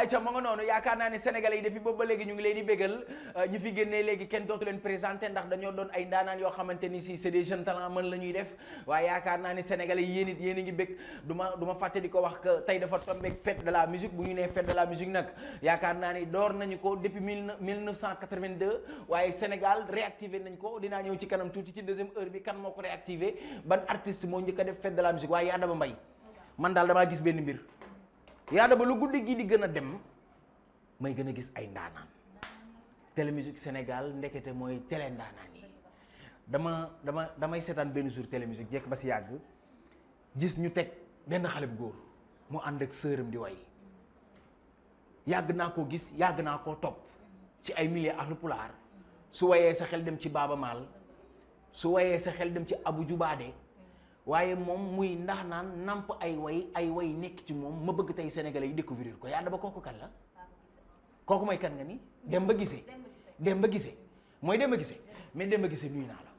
ayca ma nga noonu yaakaar naa ne sénégalais yi depuis boobu ba léegi ñu ngi leen di bégal euh, ñi fi génnee léegi kenn dootu leen présenté ndax dañoo doon ay ndaanaan yoo xamante ni si c'est de jeunes talents mën la ñuy def waaye yaakaar naa ne sénégalais yi yéen a ngi bég du fàtte di ko wax tey dafa tombeeg fête de la musique bu ñu nee fête de la musique nag yaakaar naa ni door nañu ko depuis mille neuf cent quatre-vingt-deux waaye Sénégal réactivé nañ ko dinaa ñëw ci kanam tuuti ci deuxième heure bi kan moo ko réactivé ban artiste moo njëkk a def fête de la musique waaye yaa gis benn mbir yaada ba lu guddi gi di gën a dem may gën a gis ay ndaanaan Télé Musique Sénégal ndekete mooy télé ndaanaan yi dama dama damay seetaan benn jour Télé Musique jekk ba si yàgg gis ñu teg benn xale bu góor mu ànd ak sëram di way yàgg naa koo gis yàgg naa koo topp ci ay milliers ak pulaar su wayee sa xel dem ci Baaba Maal su wayee sa xel dem ci Abu Jubaade waaye moom muy ndax naan namp ay way ay way nekk ci moom ma bëgg tey sénégalais yi découvrir ko yàlla ba kooku kan la kooku mooy kan nga ni dem ba gisee dem ba gisee mooy dem ba gisee mais dem ba gisee nuyu naa la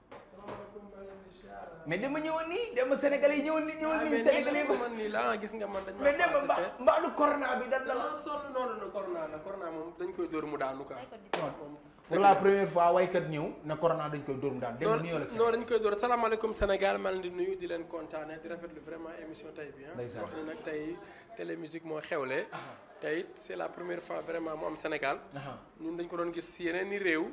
mais ma ba ñëwoon nii dem ba sénégalais yi ñëwoon nii ñëwoon nii ah, sénégalais ba gis nga man dañ mais mbaalu corona bi dan la sonn noonu corona la corona moom dañ koy dóor mu daanu quoi pour la première fois way kat ñëw na corona dañ koy dóor mu daan dem nuyoo la non dañ koy dóor salaamaaleykum Sénégal maa leen di nuyu di len kontaane di rafetlu vraiment émission tey bi ah. wax ni nak tay télé musique mo xewlé tay c'est la première fois vraiment mo am Sénégal ñun dañ ko doon gis si yeneen i réew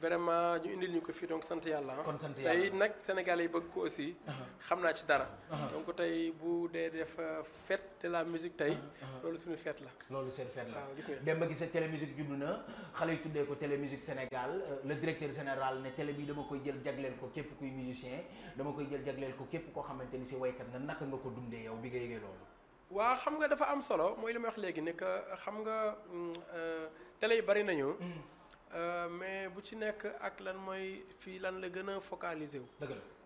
vraiment ñu indi ñu ko fii donc sant yàlla ah. kon sant yàlla tey nag Sénégal yi bëgg ko aussi. Uh-huh. xam naa ci dara. Uh-huh. donc tey bu dee def euh, fête de la musique tey. Uh-huh. loolu suñu fête la. loolu seen fête la waaw gis nga dem ba gis télé musique juddu na xale yi tuddee ko télé musique Sénégal euh, le directeur général ne télé bi dama koy jël jagleel ko képp kuy musicien dama koy jël jagleel ko képp koo xamante ni si waykat nga naka nga ko dundee yow bi nga yëgee loolu. waa xam nga dafa am solo mooy li ma léegi ne xam nga mm, euh, télé yi bari nañu. Mm. Euh, mais bu ci nek ak lan moy fi lan la gëna focaliser wu.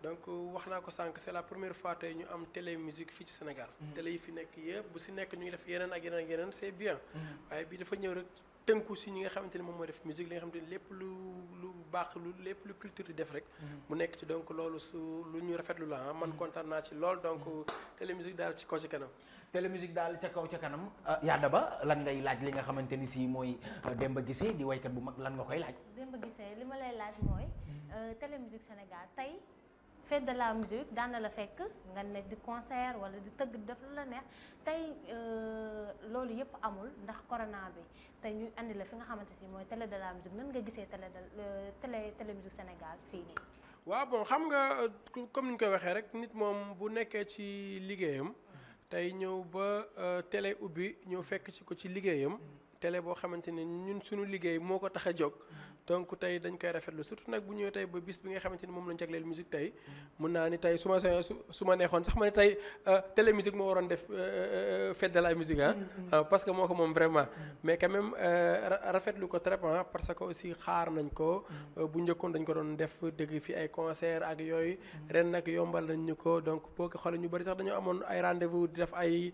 donc waxna ko sank c'est la première fois tay ñu am télé musique fi ci Sénégal. Mhm. télé yi fi nek yeb bu ci nek ñu def yenen ak yenen yenen c'est bien. Mhm. waye bi dafa ñëw rek. tënku si ñi nga xamante ni moom moo def musique li nga xamante lépp lu lu baax lu lépp lu culture di def rek. Mhm. mu nekk ci donc loolu su lu ñu rafet lu la ah. man mhm. kontaan naa ci lool donc télé daal ci kaw ci kanam. télé daal ca kaw ca kanam. Ah, yaada ba lan ngay laaj li nga xamante ni si mooy ah, Demba Guissé di waykat bu mag lan nga koy laaj. Demba Guissé li ma lay laaj mooy. Mhm. Euh, télé Sénégal tey. fait de la musique dans la fekk nga ne di concert wala di tëgg def lu la neex tey loolu yep amul ndax corona bi tey ñu andi la fi nga xamante si mooy télé de la musique nan nga gisee télé de télé télé musique Sénégal fii nii. waaw bon xam nga comme ni ñu koy waxee rek nit moom bu nekkee ci liggéeyam tey ñëw ba télé ubbi ñëw fekk ci ko ci liggéeyam. télé boo xamante ne ñun suñu liggéey moo ko tax a jóg donc tey dañ koy rafetlu surtout nag bu ñëwee tey ba bis bi nga xamante ni moom lañ jagleel musique tey mun naa ni tey su ma su ma neexoon sax ma ne tey euh, télé musique moo waroon def euh, euh, fête de la musique ah. Mm-hmm. Ah, parce que moo ko moom vraiment mm-hmm. mais quand même rafetlu ko trop ah parce que aussi xaar nañ ko mm-hmm. bu njëkkoon dañ ko doon def dëgg fi ay concert ak yooyu ren nag yombal nañ ñu ko donc boo ko xoolee ñu bëri sax dañoo amoon ay rendez-vous di def ay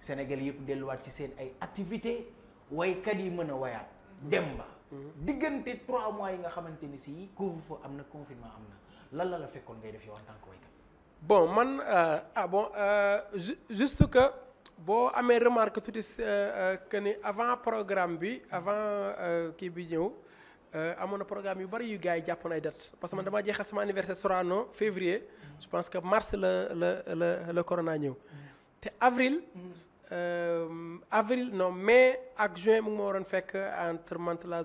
Sénégal yëpp delluwaat ci seen ay activité waykat yi mën a wayaat dem ba diggante trois mois yi nga xamante ni si couvre-feu am na confinement am na lan la la fekkoon ngay def yow en tant que waykat bon man euh, ah bon euh, juste boo amee remarque tuuti euh, euh, que ni avant programme bi avant euh, kii bi ñëw amoon na programme yu bari yu gars yi jàppoon ay date parce que man damaa jeexal sama anniversaire Sorano février je pense que mars la la la la corona ñëw mm. te avril. Mm. Euh, avril non mai à juin je ngi fait entre Mantes la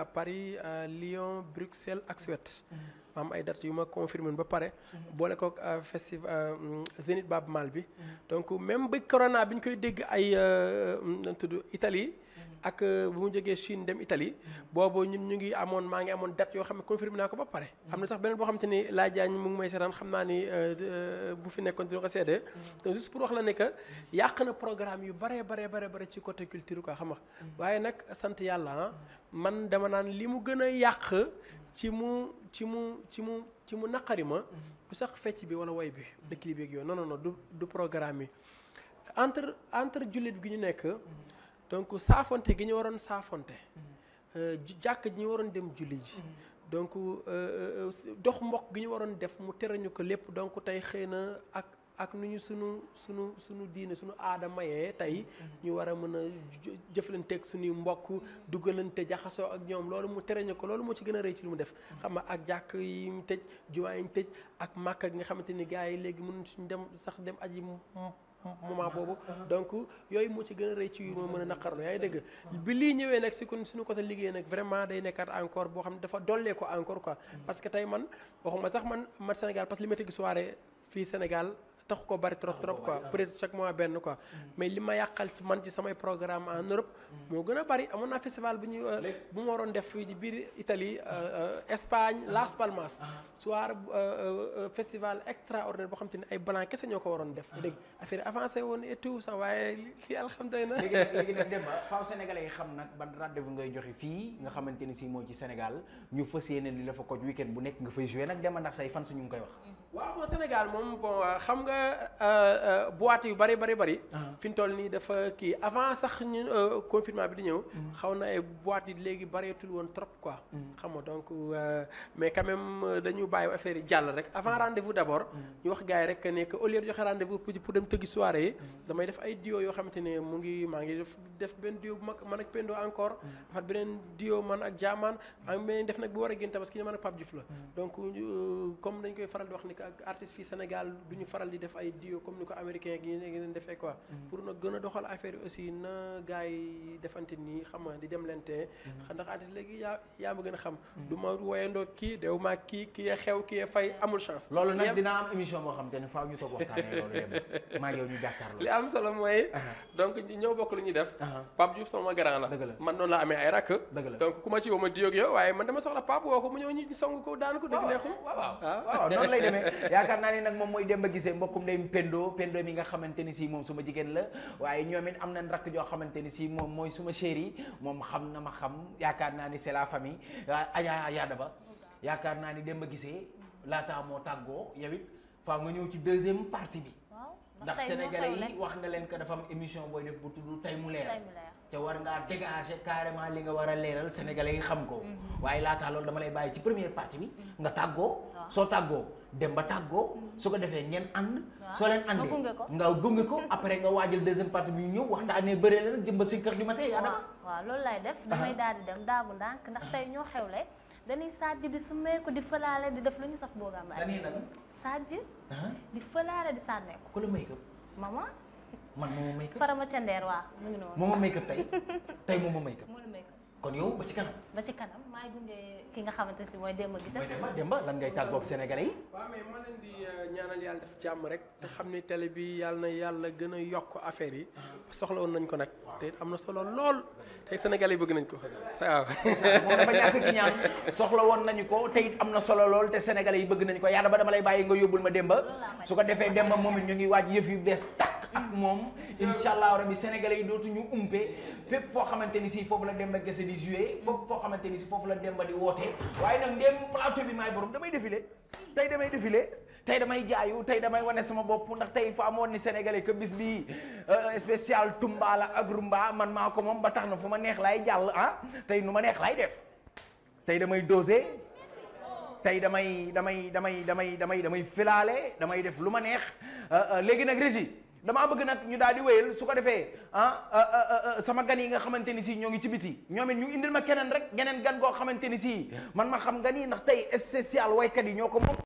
à Paris Lyon Bruxelles à Suède mm-hmm. ma am ay dates yu ma confirmé ba pare. boole koog euh, festival euh, mm, Zénith Baaba Maal bi. donc même ba corona bi ñu koy dégg ay euh, mm, nañ tudd Italie. ak bu mu jógee Chine dem Italie. boobu ñun ñu ngi amoon maa ngi amoon date yoo xam ne confirmé naa ko ba pare. am na sax beneen boo xam te ni laajaañ mu ngi may seetaan xam naa ni bu fi nekkoon dina ko seede. donc pour wax la ne que yàq na programme yu bare bare bare bare ci côté culture quoi xam nga. waaye nag sant yàlla ah. man dama naan li mu gën a yàq ci ci mu ci mu naqari ma mhm. du sax fecc bi wala woy bi mhm. dëkk bi ak yooyu non non non du du programme yi entre entre jullit gi ñu nekk mhm. donc saafonte gi ñu waroon saafonte euh, jàkk ji ñu waroon dem julli ji donc euh, euh, dox mbokk gi ñu waroon def mu tere ñu ko lépp donc tey xëy na ak ak nu ñu sunu sunu sunu diine sunu aada mayee tey ñu war a mën a jëflanteeg suñuy mbokk dugalante jaxasoo ak ñoom loolu mu tereñu ko loolu moo ci gën a rëy ci lu mu def xam nga ak jàkk yi ñu tëj jumaa tëj ak màkk gi nga xamante ni gars yi léegi mënuñ suñ dem sax dem aji moment boobu donc yooyu moo ci gën a rëy ci yu ma mën a naqarlu yaa ngi dégg bi lii ñëwee nag si kon suñu côté liggéey nag vraiment day nekkaat encore boo xam ne dafa dollee ko encore quoi parce que tey man waxuma sax man man Sénégal parce que li ma tëgg soirée fii Sénégal tax ko bari trop trop quoi oh, peut être chaque mois ben quoi mm. mais lima yakal ci man ci samay programme en Europe mo mm. gëna bari amoon festival bu ñu euh, bu mo waroon def di biir Italie euh, euh, Espagne ah, Las Palmas ah. soir festival extraordinaire bo xam ay blanc kese ñoko waron def ah. dégg affaire avancé won et tout ça waye li alhamdoulillah léegi nag nak dem ba faaw sénégalais yi xam nak ban rendez-vous ngay joxe fi nga xamanteni si ci Sénégal ñu fassiyene li la fa ko week-end bu nek nga fay jouer nak dem nak say fan si ñu ngi koy wax wa bon Sénégal mom bon xam nga Euh, euh, boîte yu bari bari bari. Ah. fi ñu toll nii dafa kii avant sax ñun euh, confinement bi di ñëw. Mm. xaw na ay boîte yi léegi bareetul woon trop quoi. Mm. xam nga donc mais quand même dañu bàyyi affaire yi jàll rek avant mm. rendez-vous d'abord. ñu wax gars yi rek nekk que au lieu de joxe rendez-vous pour dem tëggi soirée yi. damay def ay duo yoo xamante ne mu ngi maa ngi def def benn duo bu mag man ak Pendo encore. dafa beneen dio man ak Jaamaan. am beneen def nag bu war a gën tabaski man ak Pape Diouf la. donc def ay duo comme niko ko américain gi ngeen defee quoi. Mm-hmm. pour na gëna doxal affaire aussi na gaay defante ni xam nga di dem lenté mm-hmm. ndax artiste légui ya ya, ma gëna xam. Mm-hmm. du ma woyandoo ki dew ma ki kii xew kii fay amul chance. lolu nak dina am émission mo xam te faaw ñu tok waxtane lolu yëpp ma yow ñu li am solo moy donc ñoo bokku lu ñuy def. pap juuf sama grand la. man non la amé ay rak donc kuma ci wama ma diog yow waaye man dama soxla pap woko ko mu ñëw ñu song ko daan ko dëgg neexul. waaw waaw ah. non lay demee yaakaar naa ne nag moom mooy Demba gisé mbokk mbokkum ndeyum Pendo Pendo mi nga xamante ni si moom suma jigéen la waaye ñoom it am na rakk joo xamante ni si moom mooy suma moom xam na ma xam yaakaar naa ni c'est la famille Adja Yada Ba yaakaar naa ni dem ba gisee laataa moo tàggoo yow it faa ñëw ci deuxième partie bi. ndax sénégalais yi wax nga leen que dafa am émission booy def bu tudd tey mu leer te war ngaa dégager carrément li nga war a leeral sénégalais yi xam ko mm-hmm. waaye laataa loolu dama lay bàyyi ci première partie bi mm-hmm. nga tàggoo soo tàggoo dem ba tàggoo mm-hmm. su ko defé ñen and so len àndee nga gungé ko après nga wajjal deuxième partie bi ñu ñëw waxtaanee bëree la jëm 5h du matin ya dama wa lool lay def damay daal di dem daagu ndànk ndax tey ñoo xewle dañuy sàjj di sumeeku di fëlaale di def luñu sax sax boogaam dañuy nan sàjj di fëlaale di sànneeku ko la make up mama man mooma make up farama ci ndér wa mu ngi non noonu mooma make up tey mo mooma make up kon yow ba ci kanam. ba ci kanam maay gunge ki nga xamante ne si mooy Demba Guissé. mooy Demba Demba lan ngay tàggoog Sénégalais yi. mais ma leen di ñaanal yàlla def jàmm rek te xam télé bi na affaire yi ah. soxla nañ ko te solo lol. te Sénégalais bëgg nañ ko waaw. moom dafa ñàkk ñaam soxla woon nañu ko te it solo lol. te Sénégalais bëgg nañ ko yàlla ba dama lay bàyyi nga yóbbul ma Demba su ko defee Demba moom ñu ngi waaj yëf yu bees takk ak moom mm. incha allah Sénégalais yi dootuñu umpe fépp foo xamante ni la Demba ni joué foofu foo xamante ni si foofu la Demba di wootee waaye nag ndéem plateau bi maay borom damay défilé tey damay défilé tey damay jaayu tey damay wane sama bopp ndax tey fa amoon ni sénégalais que bis bi euh, spécial Tumba la ak Rumba man maa ko moom ba tax na fu ma neex laay jàll ah tey nu ma neex lay def tey damay dosé tey damay damay damay damay damay damay filaale damay def lu ma neex euh, euh, léegi nag régie damaa bëgg nag ñu daal di wéyal su ko defee ah, ah, ah, ah sama gan yi nga xamante ni si ñoo ngi ci biti ñoo it ñu indil ma keneen rek geneen gan goo xamante ni si man ma xam gan yi ndax tey spécial waykat yi ñoo ko moom